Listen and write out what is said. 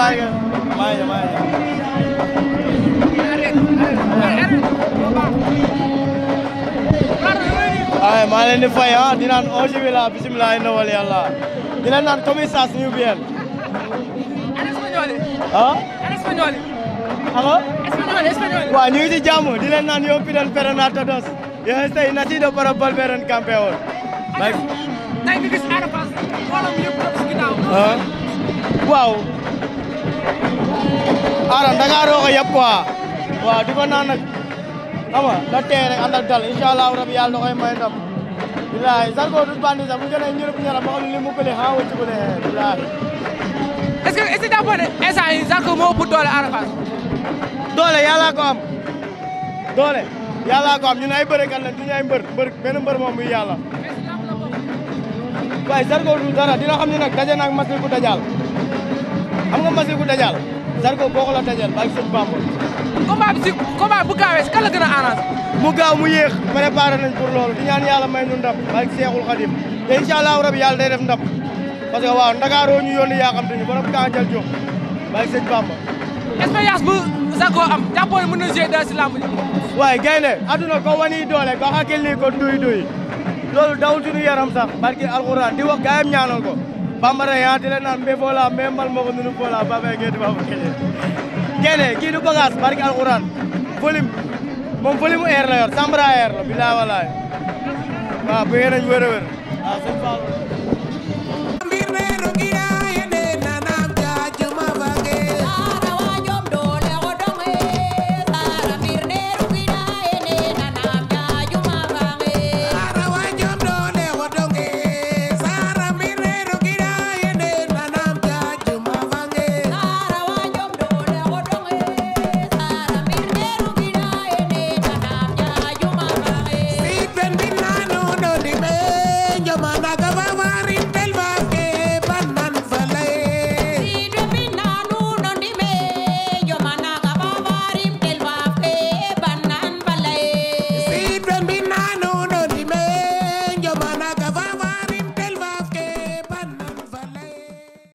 waaye waaye waaye waaye fay ah di naan auzu bilaahi bismilaahi ndawal yàlla di leen naan comme ça suñu waaw ñu ngi ci jàmm di leen naan yo piden perena todos yo estay nacido para volver ah? waaw aram da ngaa roog a yëpp quoi waaw di ko naan nag xam nga la dal incha allahu rabi may ndam bilaay Zarko du bandi sax bu ñu nee ñërëb ñërëb ma xam ne li mu ne bilaay est-ce que est-ce ne instant yi moo ëpp doole Ada doole yàlla am doole yàlla ko am ñun ay bërekat mbër mbër benn mbër moom muy yàlla waaye Zarko dara dina xam ne nag daje naag Masiihu Dajjaal xam nga Masiihu Dajjaal Zarko boo ko la dajal bàyyi sëñ Bamba. combat bi si combat bu gaawee si kan la gën a arrangé. mu gaaw mu yéex préparé nañ pour loolu di ñaan yàlla may nu ndam bàyyi Seexul Xadim te incha allahu rabi ndam parce que waaw Ndakaaroo ñu yónni yaa xam te ñu borom kaa jël jox bàyyi am jàppoon mën na jouer dara si làmb ji. waaye gaynde adduna ko wani doole ko xakil nii ko duy duy loolu yaram sax barki alxuraan di wax gaayam ñaanal bambara yaatile na mbe fola mbe mbal moko nunu fola babaye ge tuba fo kene kene kii du bagage barke alquran volume moom volume air la yor sambara air la bilaa walaay waaw bu ngeen